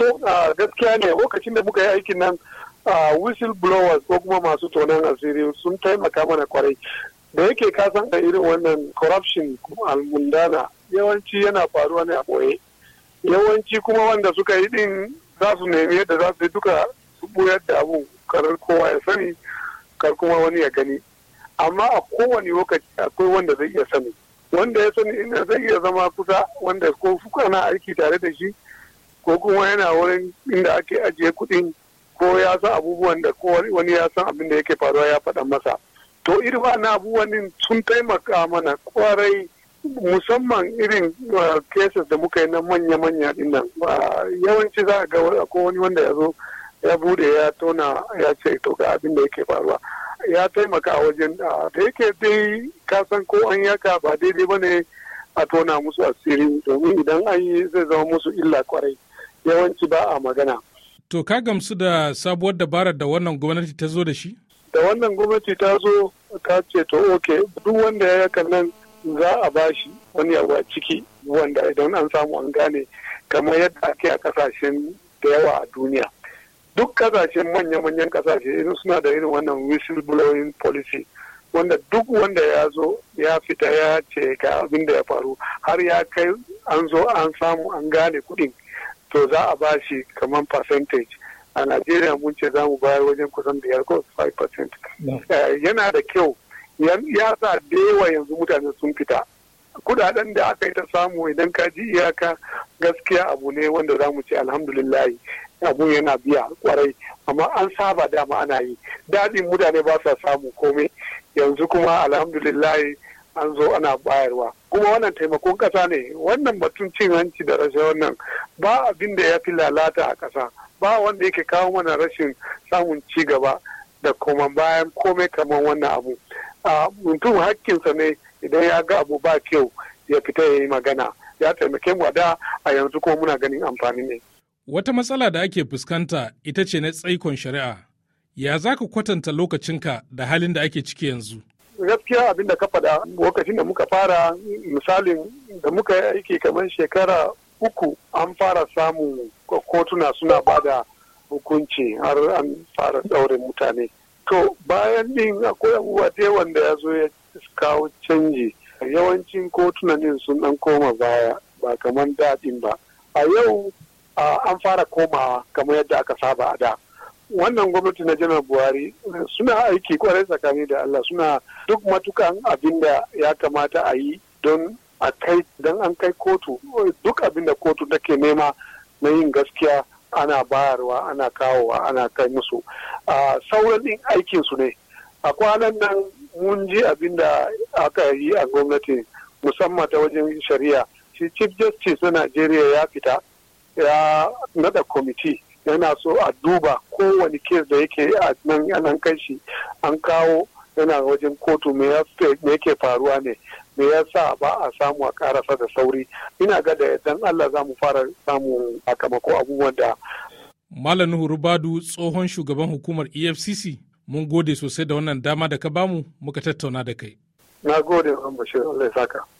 to gaskiya ne lokacin da muka yi aikin nan whistle blowers ko kuma masu tonon asiri sun taimaka mana kwarai da yake kasan da irin wannan corruption almundana yawanci yana faruwa ne a boye yawanci kuma wanda suka yi din za su nemi yadda za su yi duka su buyar da abu karar kowa ya sani kar kuma wani ya gani amma a kowane lokaci akwai wanda zai iya sani wanda ya sani ina zai iya zama kusa wanda ko na aiki tare da shi ko kuma yana wurin inda ake ajiye kuɗin ko ya san abubuwan da ko wani ya san abin da yake faruwa ya faɗa masa to irin na abubuwan sun taimaka mana kwarai musamman irin uh, cases da muka yi na manya-manya dinnan uh, yawanci za a ga ko wani wanda ya zo ya bude ya tona ya ce to ga abin da yake faruwa ya taimaka wajen uh, da yake dai kasan ko an yaka ba daidai ba ne a tona musu asiri domin idan an yi zai zama musu illa kwarai yawanci ba a magana. To ka gamsu da sabuwar dabarar da wannan gwamnati ta zo da shi? Da wannan gwamnati ta zo ta ce to ok duk wanda ya yakan nan za a bashi wani yawa ciki wanda idan an samu an gane kamar yadda ake a kasashen da yawa a duniya. Duk kasashen manya-manyan kasashe suna da irin wannan whistleblowing policy wanda duk wanda ya zo ya fita ya ce ka abin da ya faru har ya kai an zo an samu an gane kuɗin. to za a ba shi kamar percentage a najeriya mun ce za mu bayar wajen kusan biyar ko 5% eh, yana da kyau ya sa da yanzu mutane sun fita kudaden da aka yi ta samu idan ka ji iyaka gaskiya abu ne wanda za mu ce alhamdulillahi abu yana biya kwarai amma an saba dama ana yi Dadin mutane ba sa samu komai yanzu kuma alhamdulillahi an zo ana bayarwa kuma wannan taimakon ƙasa ne wannan batun cin hanci da rashin wannan ba abin da ya fi lalata a ƙasa ba wanda yake kawo mana rashin samun ci gaba da koma bayan komai kamar wannan abu a mutum hakkinsa ne idan ya ga abu ba kyau ya fita ya yi magana ya taimake mu da a yanzu kuma muna ganin amfani ne. Wata matsala da ake fuskanta ita ce na tsaikon shari'a. Ya za ka kwatanta lokacinka da halin da ake ciki yanzu? gaskiya abin da ka faɗa lokacin da muka fara misalin da muka yi aiki kamar shekara uku an fara samun kotuna suna ba da hukunci har an fara ɗaure mutane to bayan ɗin akwai abubuwa da wanda ya zo ya kawo canji yawancin kotuna ɗin sun ɗan koma baya ba kamar daɗin ba a yau an fara komawa kamar yadda aka saba a da wannan gwamnati na janar buhari suna aiki kwarai tsakani da allah suna duk matukan abin da ya kamata a yi don a kai don an kai kotu duk abin da kotu take nema na yin gaskiya ana bayarwa ana kawowa ana kai musu a sauran din aikin ne a kwanan nan mun ji abin da aka yi a gwamnati musamman ta wajen shari'a shi chief justice na najeriya ya fita ya nada kwamiti yana so a duba kowane kes da yake a nan anan kai shi an kawo yana wajen kotu me yake faruwa ne me yasa ba a samu a karasa da sauri ina ga da yardan Allah za mu fara samun sakamako abubuwan da Malam Nuhu Rubadu tsohon shugaban hukumar EFCC mun gode sosai da wannan dama da ka bamu muka tattauna da kai. Na gode, Allah ya saka.